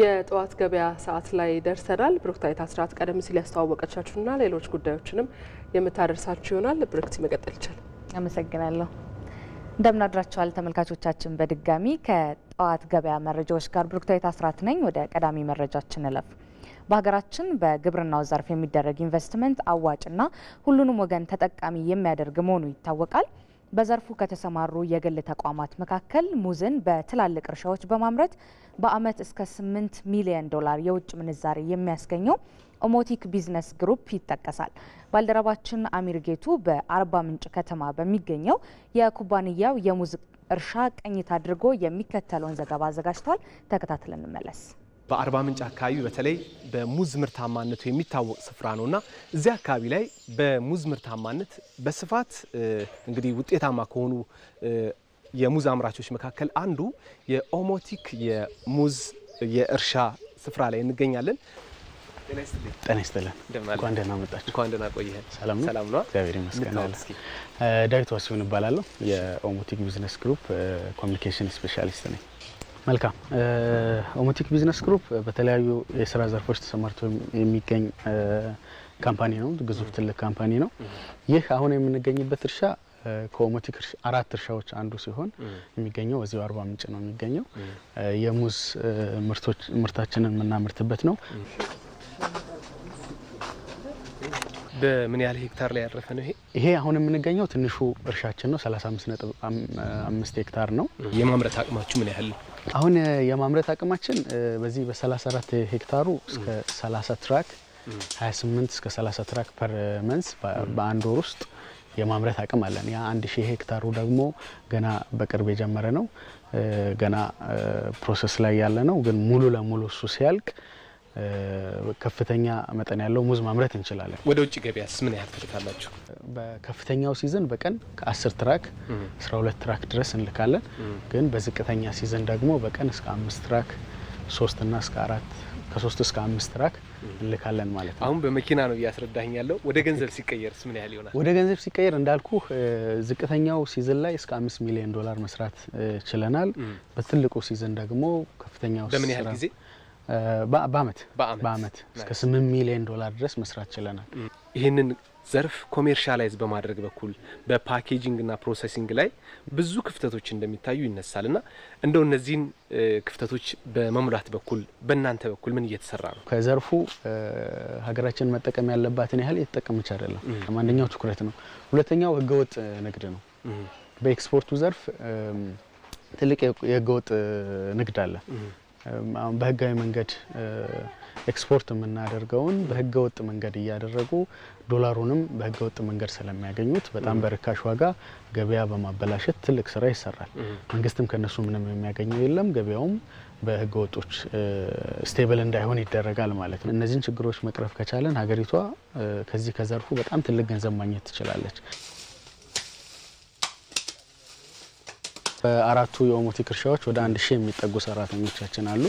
የጠዋት ገበያ ሰዓት ላይ ደርሰናል። ብሩክታዊት አስራት ቀደም ሲል ያስተዋወቀቻችሁና ሌሎች ጉዳዮችንም የምታደርሳችሁ ይሆናል። ብሩክቲ መቀጠል ይቻል። አመሰግናለሁ። እንደምናድራችኋል ተመልካቾቻችን። በድጋሚ ከጠዋት ገበያ መረጃዎች ጋር ብሩክታዊት አስራት ነኝ። ወደ ቀዳሚ መረጃችን እለፍ። በሀገራችን በግብርናው ዘርፍ የሚደረግ ኢንቨስትመንት አዋጭና ሁሉንም ወገን ተጠቃሚ የሚያደርግ መሆኑ ይታወቃል። በዘርፉ ከተሰማሩ የግል ተቋማት መካከል ሙዝን በትላልቅ እርሻዎች በማምረት በአመት እስከ 8 ሚሊዮን ዶላር የውጭ ምንዛሬ የሚያስገኘው ኦሞቲክ ቢዝነስ ግሩፕ ይጠቀሳል። ባልደረባችን አሚር ጌቱ በአርባ ምንጭ ከተማ በሚገኘው የኩባንያው የሙዝ እርሻ ቅኝት አድርጎ የሚከተለውን ዘገባ አዘጋጅቷል። ተከታትለን እንመለስ። በአርባ ምንጭ አካባቢ በተለይ በሙዝ ምርታማነቱ የሚታወቅ ስፍራ ነውና እዚህ አካባቢ ላይ በሙዝ ምርታማነት በስፋት እንግዲህ ውጤታማ ከሆኑ የሙዝ አምራቾች መካከል አንዱ የኦሞቲክ የሙዝ የእርሻ ስፍራ ላይ እንገኛለን። ጤና ይስጥልን። እንኳን ደህና መጣችሁ። እንኳን ደህና ቆየህ። ሰላም ነው? ሰላም ነው። እግዚአብሔር ይመስገን። ዳዊት ዋሲሁን እባላለሁ። የኦሞቲክ ቢዝነስ ግሩፕ ኮሚኒኬሽን ስፔሻሊስት ነኝ። መልካም ኦሞቲክ ቢዝነስ ግሩፕ በተለያዩ የስራ ዘርፎች ተሰማርቶ የሚገኝ ካምፓኒ ነው። ግዙፍ ትልቅ ካምፓኒ ነው። ይህ አሁን የምንገኝበት እርሻ ከኦሞቲክ አራት እርሻዎች አንዱ ሲሆን የሚገኘው በዚሁ አርባ ምንጭ ነው የሚገኘው። የሙዝ ምርታችንን የምናምርትበት ነው። በምን ያህል ሄክታር ላይ ያረፈ ነው ይሄ? ይሄ አሁን የምንገኘው ትንሹ እርሻችን ነው። 35 አምስት ሄክታር ነው። የማምረት አቅማችሁ ምን ያህል ነው? አሁን የማምረት አቅማችን በዚህ በ34 ሄክታሩ እስከ 30 ትራክ 28 እስከ 30 ትራክ ፐር መንስ በአንድ ወር ውስጥ የማምረት አቅም አለን። ያ አንድ ሺህ ሄክታሩ ደግሞ ገና በቅርብ የጀመረ ነው። ገና ፕሮሰስ ላይ ያለ ነው። ግን ሙሉ ለሙሉ እሱ ሲያልቅ ከፍተኛ መጠን ያለው ሙዝ ማምረት እንችላለን። ወደ ውጭ ገበያስ ምን ያህል ትልካላችሁ? በከፍተኛው ሲዝን በቀን ከ10 ትራክ 12 ትራክ ድረስ እንልካለን። ግን በዝቅተኛ ሲዝን ደግሞ በቀን እስከ አምስት ትራክ ሶስት እና እስከ አራት ከሶስት እስከ አምስት ትራክ እንልካለን ማለት ነው። አሁን በመኪና ነው እያስረዳኝ ያለው። ወደ ገንዘብ ሲቀየርስ ምን ያህል ይሆናል? ወደ ገንዘብ ሲቀየር እንዳልኩ ዝቅተኛው ሲዝን ላይ እስከ አምስት ሚሊዮን ዶላር መስራት ችለናል። በትልቁ ሲዝን ደግሞ ከፍተኛው በምን ያህል ጊዜ በአመት በአመት እስከ ስምንት ሚሊዮን ዶላር ድረስ መስራት ችለናል። ይህንን ዘርፍ ኮሜርሻላይዝ በማድረግ በኩል በፓኬጂንግና ፕሮሰሲንግ ላይ ብዙ ክፍተቶች እንደሚታዩ ይነሳል እና እንደው እነዚህን ክፍተቶች በመሙላት በኩል በእናንተ በኩል ምን እየተሰራ ነው? ከዘርፉ ሀገራችን መጠቀም ያለባትን ያህል እየተጠቀመች አይደለም። አንደኛው ትኩረት ነው። ሁለተኛው ህገወጥ ንግድ ነው። በኤክስፖርቱ ዘርፍ ትልቅ የህገወጥ ንግድ አለ። አሁን በህጋዊ መንገድ ኤክስፖርት የምናደርገውን በህገ ወጥ መንገድ እያደረጉ ዶላሩንም በህገ ወጥ መንገድ ስለሚያገኙት በጣም በርካሽ ዋጋ ገበያ በማበላሸት ትልቅ ስራ ይሰራል። መንግስትም ከነሱ ምንም የሚያገኘው የለም። ገበያውም በህገ ወጦች ስቴብል እንዳይሆን ይደረጋል ማለት ነው። እነዚህን ችግሮች መቅረፍ ከቻለን ሀገሪቷ ከዚህ ከዘርፉ በጣም ትልቅ ገንዘብ ማግኘት ትችላለች። በአራቱ የኦሞቲክ እርሻዎች ወደ አንድ ሺህ የሚጠጉ ሰራተኞቻችን አሉ።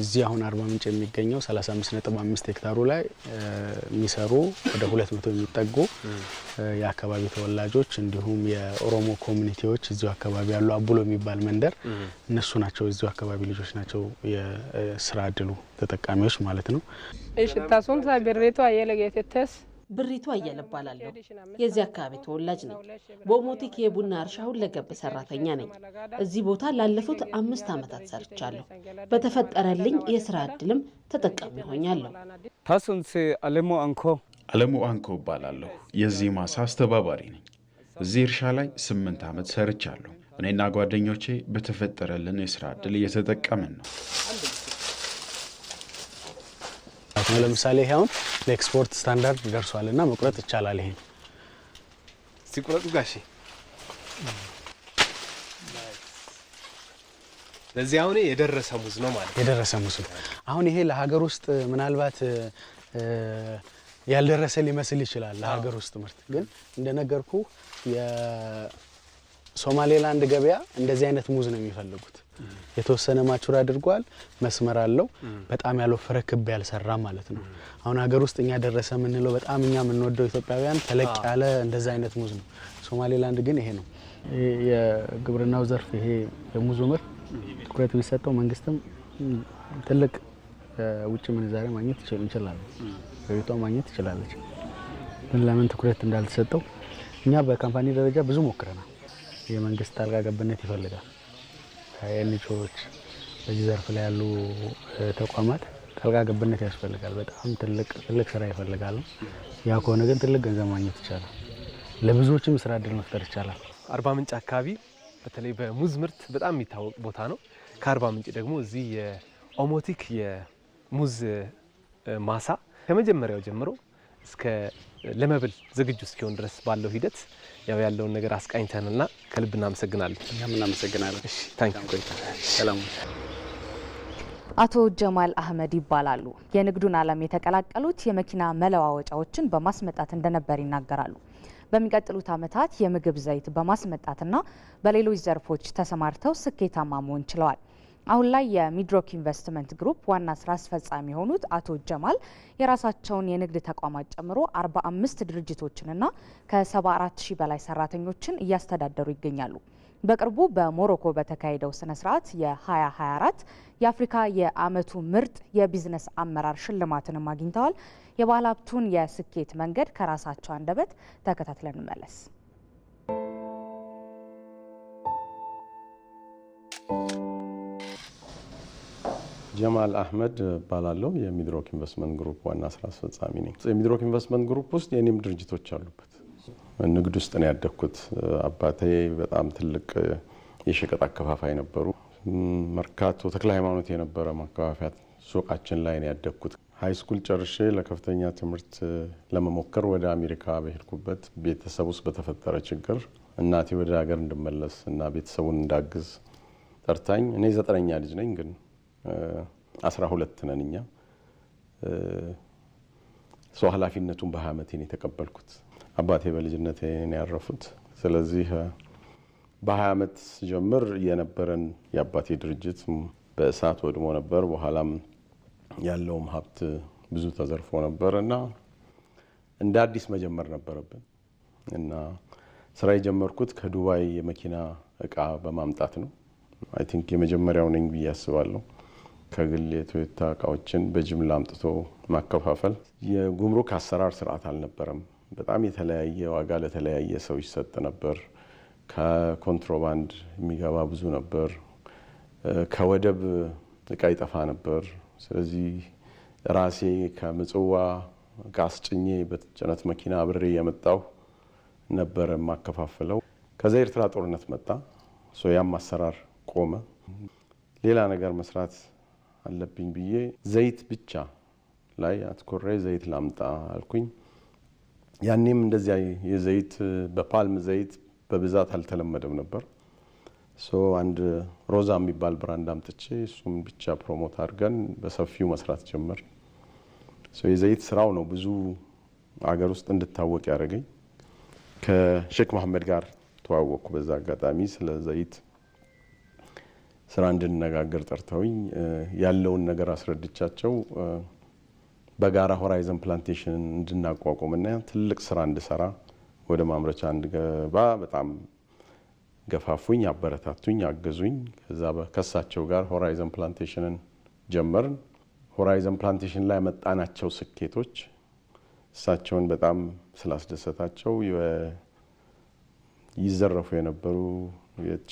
እዚህ አሁን አርባ ምንጭ የሚገኘው 35.5 ሄክታሩ ላይ የሚሰሩ ወደ 200 የሚጠጉ የአካባቢ ተወላጆች እንዲሁም የኦሮሞ ኮሚኒቲዎች እዚሁ አካባቢ ያሉ አቡሎ የሚባል መንደር እነሱ ናቸው። እዚሁ አካባቢ ልጆች ናቸው የስራ እድሉ ተጠቃሚዎች ማለት ነው። ሽታሱን ሳቢሬቱ አየለጌቴተስ ብሪቱ አየለ እባላለሁ። የዚህ አካባቢ ተወላጅ ነኝ። በኦሞቲክ የቡና እርሻ ሁለገብ ሰራተኛ ነኝ። እዚህ ቦታ ላለፉት አምስት ዓመታት ሰርቻለሁ። በተፈጠረልኝ የስራ እድልም ተጠቃሚ ሆኛለሁ። ታሱንስ አለሙ አንኮ አለሙ አንኮ እባላለሁ። የዚህ ማሳ አስተባባሪ ነኝ። እዚህ እርሻ ላይ ስምንት ዓመት ሰርቻለሁ። እኔና ጓደኞቼ በተፈጠረልን የስራ እድል እየተጠቀምን ነው። ማለት ነው። ለምሳሌ ይሄ አሁን ለኤክስፖርት ስታንዳርድ ደርሷል እና መቁረጥ ይቻላል። ይሄን ሲቁረጡ ጋሼ ለዚህ አሁን የደረሰ ሙዝ ነው ማለት የደረሰ ሙዝ ነው። አሁን ይሄ ለሀገር ውስጥ ምናልባት ያልደረሰ ሊመስል ይችላል። ለሀገር ውስጥ ምርት ግን እንደነገርኩ ሶማሌላንድ ገበያ እንደዚህ አይነት ሙዝ ነው የሚፈልጉት። የተወሰነ ማቹር አድርጓል፣ መስመር አለው፣ በጣም ያልወፈረ ክብ ያልሰራ ማለት ነው። አሁን ሀገር ውስጥ እኛ ደረሰ የምንለው በጣም እኛ የምንወደው ኢትዮጵያውያን ተለቅ ያለ እንደዚህ አይነት ሙዝ ነው። ሶማሌላንድ ግን ይሄ ነው። የግብርናው ዘርፍ ይሄ የሙዙ ምርት ትኩረት ቢሰጠው መንግስትም ትልቅ ውጭ ምንዛሬ ማግኘት ይችላሉ፣ በቤቷ ማግኘት ትችላለች። ግን ለምን ትኩረት እንዳልተሰጠው እኛ በካምፓኒ ደረጃ ብዙ ሞክረናል። የመንግስት ጣልቃ ገብነት ይፈልጋል። ኤንጂኦዎች፣ በዚህ ዘርፍ ላይ ያሉ ተቋማት ጣልቃ ገብነት ያስፈልጋል። በጣም ትልቅ ስራ ይፈልጋል። ያ ከሆነ ግን ትልቅ ገንዘብ ማግኘት ይቻላል። ለብዙዎችም ስራ እድል መፍጠር ይቻላል። አርባ ምንጭ አካባቢ በተለይ በሙዝ ምርት በጣም የሚታወቅ ቦታ ነው። ከአርባ ምንጭ ደግሞ እዚህ የኦሞቲክ የሙዝ ማሳ ከመጀመሪያው ጀምሮ እስከ ለመብል ዝግጁ እስኪሆን ድረስ ባለው ሂደት ያው ያለውን ነገር አስቃኝተንና ከልብ እናመሰግናለን። እኛም እናመሰግናለን። ሰላም። አቶ ጀማል አህመድ ይባላሉ። የንግዱን ዓለም የተቀላቀሉት የመኪና መለዋወጫዎችን በማስመጣት እንደነበር ይናገራሉ። በሚቀጥሉት ዓመታት የምግብ ዘይት በማስመጣትና በሌሎች ዘርፎች ተሰማርተው ስኬታማ መሆን ችለዋል። አሁን ላይ የሚድሮክ ኢንቨስትመንት ግሩፕ ዋና ስራ አስፈጻሚ የሆኑት አቶ ጀማል የራሳቸውን የንግድ ተቋማት ጨምሮ 45 ድርጅቶችንና ከ74 ሺህ በላይ ሰራተኞችን እያስተዳደሩ ይገኛሉ። በቅርቡ በሞሮኮ በተካሄደው ስነ ስርዓት የ2024 የአፍሪካ የአመቱ ምርጥ የቢዝነስ አመራር ሽልማትንም አግኝተዋል። የባለ ሀብቱን የስኬት መንገድ ከራሳቸው አንደበት ተከታትለን መለስ ጀማል አህመድ እባላለሁ። የሚድሮክ ኢንቨስትመንት ግሩፕ ዋና ስራ አስፈጻሚ ነኝ። የሚድሮክ ኢንቨስትመንት ግሩፕ ውስጥ የኔም ድርጅቶች አሉበት። ንግድ ውስጥ ነው ያደግኩት። አባቴ በጣም ትልቅ የሸቀጥ አከፋፋይ ነበሩ። መርካቶ ተክለ ሃይማኖት የነበረ ማከፋፊያት ሱቃችን ላይ ነው ያደግኩት። ሀይ ስኩል ጨርሼ ለከፍተኛ ትምህርት ለመሞከር ወደ አሜሪካ በሄድኩበት ቤተሰብ ውስጥ በተፈጠረ ችግር እናቴ ወደ ሀገር እንድመለስ እና ቤተሰቡን እንዳግዝ ጠርታኝ እኔ ዘጠነኛ ልጅ ነኝ ግን አስራ ሁለት ነን እኛ ሰው ኃላፊነቱን በሀያ ዓመቴ ነው የተቀበልኩት። አባቴ በልጅነቴ ያረፉት። ስለዚህ በሀያ ዓመት ጀምር የነበረን የአባቴ ድርጅት በእሳት ወድሞ ነበር። በኋላም ያለውም ሀብት ብዙ ተዘርፎ ነበር እና እንደ አዲስ መጀመር ነበረብን እና ስራ የጀመርኩት ከዱባይ የመኪና እቃ በማምጣት ነው። አይ ቲንክ የመጀመሪያው ነኝ ብዬ አስባለሁ። ከግል የቶዮታ እቃዎችን በጅምላ አምጥቶ ማከፋፈል፣ የጉምሩክ አሰራር ስርዓት አልነበረም። በጣም የተለያየ ዋጋ ለተለያየ ሰው ይሰጥ ነበር። ከኮንትሮባንድ የሚገባ ብዙ ነበር። ከወደብ እቃ ይጠፋ ነበር። ስለዚህ ራሴ ከምጽዋ እቃ አስጭኜ በጭነት መኪና አብሬ የመጣው ነበረ የማከፋፍለው። ከዛ ኤርትራ ጦርነት መጣ። ሶያም አሰራር ቆመ። ሌላ ነገር መስራት አለብኝ ብዬ ዘይት ብቻ ላይ አትኮሬ ዘይት ላምጣ አልኩኝ። ያኔም እንደዚያ የዘይት በፓልም ዘይት በብዛት አልተለመደም ነበር። አንድ ሮዛ የሚባል ብራንድ አምጥቼ እሱም ብቻ ፕሮሞት አድርገን በሰፊው መስራት ጀመር። የዘይት ስራው ነው ብዙ አገር ውስጥ እንድታወቅ ያደረገኝ። ከሼክ መሀመድ ጋር ተዋወቅኩ በዛ አጋጣሚ ስለ ዘይት ስራ እንድንነጋገር ጠርተውኝ ያለውን ነገር አስረድቻቸው በጋራ ሆራይዘን ፕላንቴሽን እንድናቋቁምና ትልቅ ስራ እንድሰራ ወደ ማምረቻ እንድገባ በጣም ገፋፉኝ፣ አበረታቱኝ፣ አገዙኝ። ከዛ ከሳቸው ጋር ሆራይዘን ፕላንቴሽንን ጀመርን። ሆራይዘን ፕላንቴሽን ላይ ያመጣናቸው ስኬቶች እሳቸውን በጣም ስላስደሰታቸው ይዘረፉ የነበሩ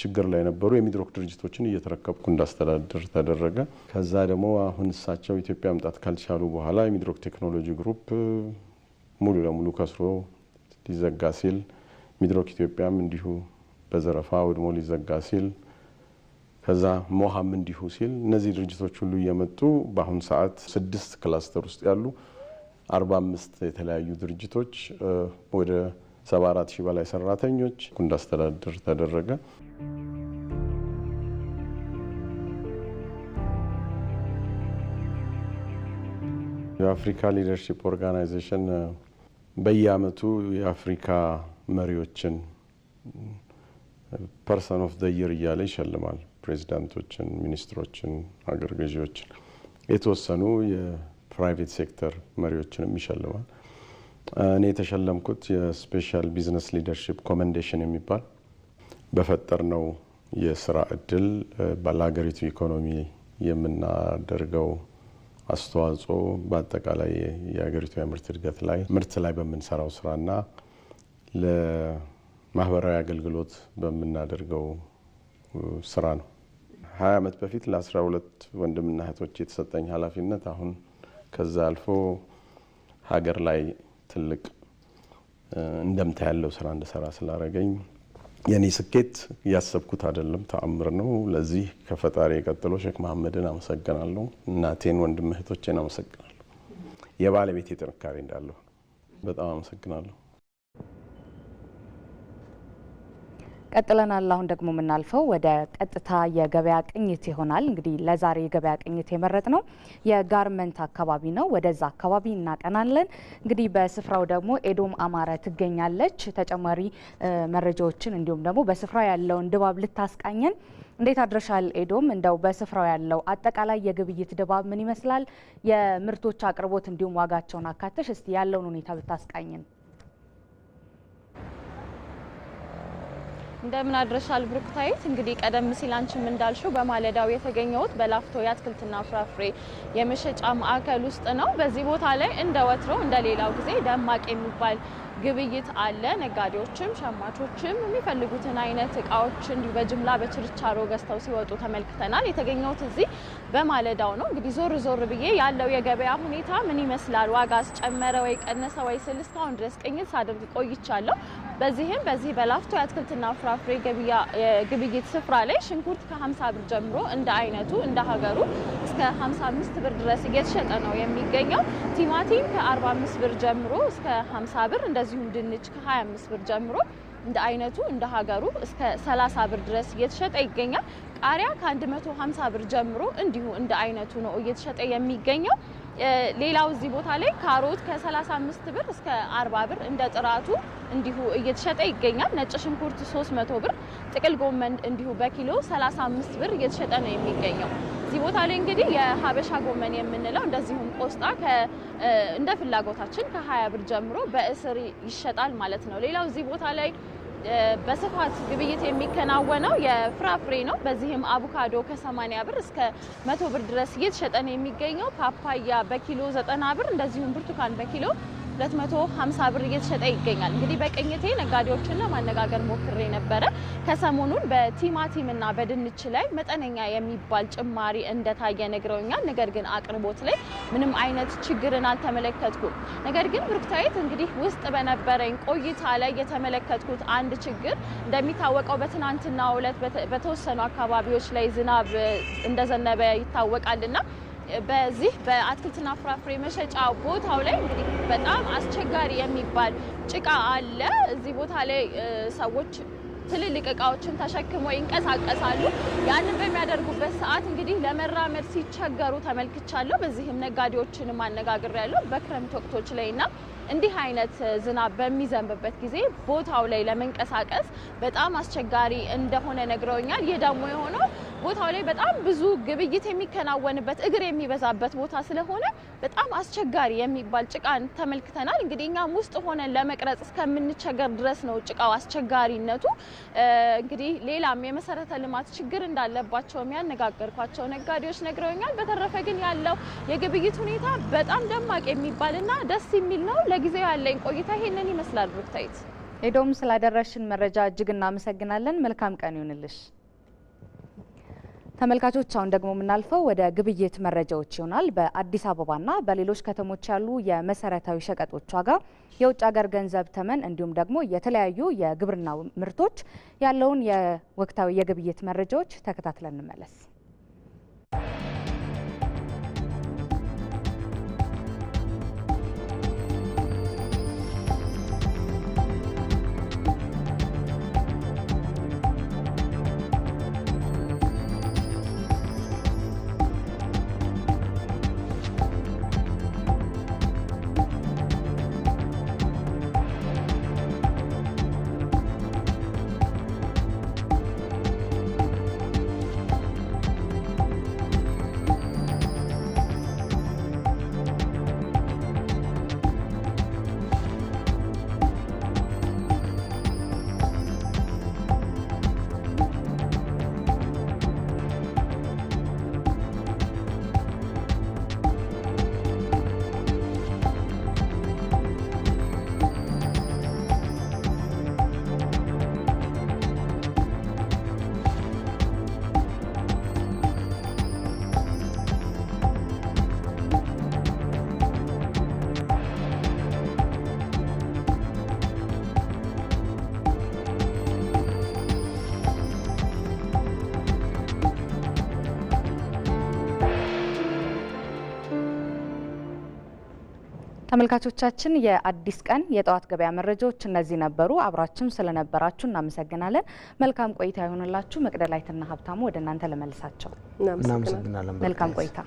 ችግር ላይ የነበሩ የሚድሮክ ድርጅቶችን እየተረከብኩ እንዳስተዳድር ተደረገ። ከዛ ደግሞ አሁን እሳቸው ኢትዮጵያ መምጣት ካልቻሉ በኋላ የሚድሮክ ቴክኖሎጂ ግሩፕ ሙሉ ለሙሉ ከስሮ ሊዘጋ ሲል፣ ሚድሮክ ኢትዮጵያም እንዲሁ በዘረፋ ወድሞ ሊዘጋ ሲል፣ ከዛ ሞሃም እንዲሁ ሲል እነዚህ ድርጅቶች ሁሉ እየመጡ በአሁን ሰዓት ስድስት ክላስተር ውስጥ ያሉ አርባ አምስት የተለያዩ ድርጅቶች ወደ 74 ሺህ በላይ ሰራተኞች እንዳስተዳድር ተደረገ። የአፍሪካ ሊደርሺፕ ኦርጋናይዜሽን በየአመቱ የአፍሪካ መሪዎችን ፐርሰን ኦፍ ዘየር እያለ ይሸልማል። ፕሬዚዳንቶችን፣ ሚኒስትሮችን፣ አገር ገዢዎችን፣ የተወሰኑ የፕራይቬት ሴክተር መሪዎችንም ይሸልማል። እኔ የተሸለምኩት የስፔሻል ቢዝነስ ሊደርሽፕ ኮመንዴሽን የሚባል በፈጠርነው የስራ እድል ለሀገሪቱ ኢኮኖሚ የምናደርገው አስተዋጽኦ በአጠቃላይ የሀገሪቱ የምርት እድገት ላይ ምርት ላይ በምንሰራው ስራና ለማህበራዊ አገልግሎት በምናደርገው ስራ ነው። ሀያ ዓመት በፊት ለ12 ወንድምና እህቶች የተሰጠኝ ኃላፊነት አሁን ከዛ አልፎ ሀገር ላይ ትልቅ እንደምታ ያለው ስራ እንድሰራ ስላደረገኝ የኔ ስኬት እያሰብኩት አይደለም፣ ተአምር ነው። ለዚህ ከፈጣሪ የቀጥሎ ሼክ መሐመድን አመሰግናለሁ። እናቴን፣ ወንድም እህቶቼን አመሰግናለሁ። የባለቤቴ ጥንካሬ እንዳለሁ በጣም አመሰግናለሁ። ቀጥለናል። አሁን ደግሞ የምናልፈው ወደ ቀጥታ የገበያ ቅኝት ይሆናል። እንግዲህ ለዛሬ የገበያ ቅኝት የመረጥ ነው የጋርመንት አካባቢ ነው። ወደዛ አካባቢ እናቀናለን። እንግዲህ በስፍራው ደግሞ ኤዶም አማረ ትገኛለች። ተጨማሪ መረጃዎችን እንዲሁም ደግሞ በስፍራው ያለውን ድባብ ልታስቃኘን እንዴት አድረሻል ኤዶም? እንደው በስፍራው ያለው አጠቃላይ የግብይት ድባብ ምን ይመስላል? የምርቶች አቅርቦት እንዲሁም ዋጋቸውን አካተሽ እስቲ ያለውን ሁኔታ ብታስቃኝን። እንደምን አድረሻል ብሩክታዊት። እንግዲህ ቀደም ሲል አንቺም እንዳልሽው በማለዳው የተገኘሁት በላፍቶ የአትክልትና ፍራፍሬ የመሸጫ ማዕከል ውስጥ ነው። በዚህ ቦታ ላይ እንደ ወትሮ እንደ ሌላው ጊዜ ደማቅ የሚባል ግብይት አለ። ነጋዴዎችም ሸማቾችም የሚፈልጉትን አይነት እቃዎች እንዲሁ በጅምላ በችርቻሮ ገዝተው ሲወጡ ተመልክተናል። የተገኘሁት እዚህ በማለዳው ነው። እንግዲህ ዞር ዞር ብዬ ያለው የገበያ ሁኔታ ምን ይመስላል፣ ዋጋስ ጨመረ ወይ ቀነሰ ወይ ስል እስካሁን ድረስ ቅኝት ሳደርግ ቆይቻለሁ። በዚህም በዚህ በላፍቶ የአትክልትና ፍራፍሬ ግብይት ስፍራ ላይ ሽንኩርት ከ50 ብር ጀምሮ እንደ አይነቱ እንደ ሀገሩ እስከ 55 ብር ድረስ እየተሸጠ ነው የሚገኘው። ቲማቲም ከ45 ብር ጀምሮ እስከ 50 ብር እንደዚህ እንደዚሁም ድንች ከ25 ብር ጀምሮ እንደ አይነቱ እንደ ሀገሩ እስከ 30 ብር ድረስ እየተሸጠ ይገኛል። ቃሪያ ከ150 ብር ጀምሮ እንዲሁ እንደ አይነቱ ነው እየተሸጠ የሚገኘው። ሌላው እዚህ ቦታ ላይ ካሮት ከ35 ብር እስከ 40 ብር እንደ ጥራቱ እንዲሁ እየተሸጠ ይገኛል። ነጭ ሽንኩርት 300 ብር፣ ጥቅል ጎመን እንዲሁ በኪሎ 35 ብር እየተሸጠ ነው የሚገኘው። እዚህ ቦታ ላይ እንግዲህ የሀበሻ ጎመን የምንለው እንደዚሁም ቆስጣ እንደ ፍላጎታችን ከ20 ብር ጀምሮ በእስር ይሸጣል ማለት ነው። ሌላው እዚህ ቦታ ላይ በስፋት ግብይት የሚከናወነው የፍራፍሬ ነው። በዚህም አቮካዶ ከ80 ብር እስከ 100 ብር ድረስ እየተሸጠ ነው የሚገኘው። ፓፓያ በኪሎ 90 ብር፣ እንደዚሁም ብርቱካን በኪሎ 250 ብር እየተሸጠ ይገኛል። እንግዲህ በቅኝቴ ነጋዴዎችን ለማነጋገር ሞክሬ ነበረ። ከሰሞኑን በቲማቲም በድንች ላይ መጠነኛ የሚባል ጭማሪ እንደታየ ነግረውኛል። ነገር ግን አቅርቦት ላይ ምንም አይነት ችግርን አልተመለከትኩም። ነገር ግን ብሩክታዊት እንግዲህ ውስጥ በነበረኝ ቆይታ ላይ የተመለከትኩት አንድ ችግር እንደሚታወቀው በትናንትናው ዕለት በተወሰኑ አካባቢዎች ላይ ዝናብ እንደዘነበ ይታወቃልና በዚህ በአትክልትና ፍራፍሬ መሸጫ ቦታው ላይ እንግዲህ በጣም አስቸጋሪ የሚባል ጭቃ አለ። እዚህ ቦታ ላይ ሰዎች ትልልቅ እቃዎችን ተሸክመው ይንቀሳቀሳሉ። ያንን በሚያደርጉበት ሰዓት እንግዲህ ለመራመድ ሲቸገሩ ተመልክቻለሁ። በዚህም ነጋዴዎችን አነጋግሬያለሁ በክረምት ወቅቶች ላይ ና እንዲህ አይነት ዝናብ በሚዘንብበት ጊዜ ቦታው ላይ ለመንቀሳቀስ በጣም አስቸጋሪ እንደሆነ ነግረውኛል። ይህ ደግሞ የሆነው ቦታው ላይ በጣም ብዙ ግብይት የሚከናወንበት እግር የሚበዛበት ቦታ ስለሆነ በጣም አስቸጋሪ የሚባል ጭቃን ተመልክተናል። እንግዲህ እኛም ውስጥ ሆነን ለመቅረጽ እስከምንቸገር ድረስ ነው ጭቃው አስቸጋሪነቱ። እንግዲህ ሌላም የመሰረተ ልማት ችግር እንዳለባቸው የሚያነጋገርኳቸው ነጋዴዎች ነግረውኛል። በተረፈ ግን ያለው የግብይት ሁኔታ በጣም ደማቅ የሚባልና ደስ የሚል ነው። ለጊዜው ያለኝ ቆይታ ይሄንን ይመስላል። ብሩክታይት ኤዶም ስላደረሽን መረጃ እጅግ እናመሰግናለን። መልካም ቀን ይሁንልሽ። ተመልካቾች አሁን ደግሞ የምናልፈው ወደ ግብይት መረጃዎች ይሆናል። በአዲስ አበባና በሌሎች ከተሞች ያሉ የመሰረታዊ ሸቀጦች ዋጋ፣ የውጭ ሀገር ገንዘብ ተመን እንዲሁም ደግሞ የተለያዩ የግብርና ምርቶች ያለውን የወቅታዊ የግብይት መረጃዎች ተከታትለን እንመለስ። ተመልካቾቻችን የአዲስ ቀን የጠዋት ገበያ መረጃዎች እነዚህ ነበሩ። አብራችሁም ስለነበራችሁ እናመሰግናለን። መልካም ቆይታ ይሆንላችሁ። መቅደላዊትና ሀብታሙ ወደ እናንተ ለመልሳቸው እናመሰግናለን። መልካም ቆይታ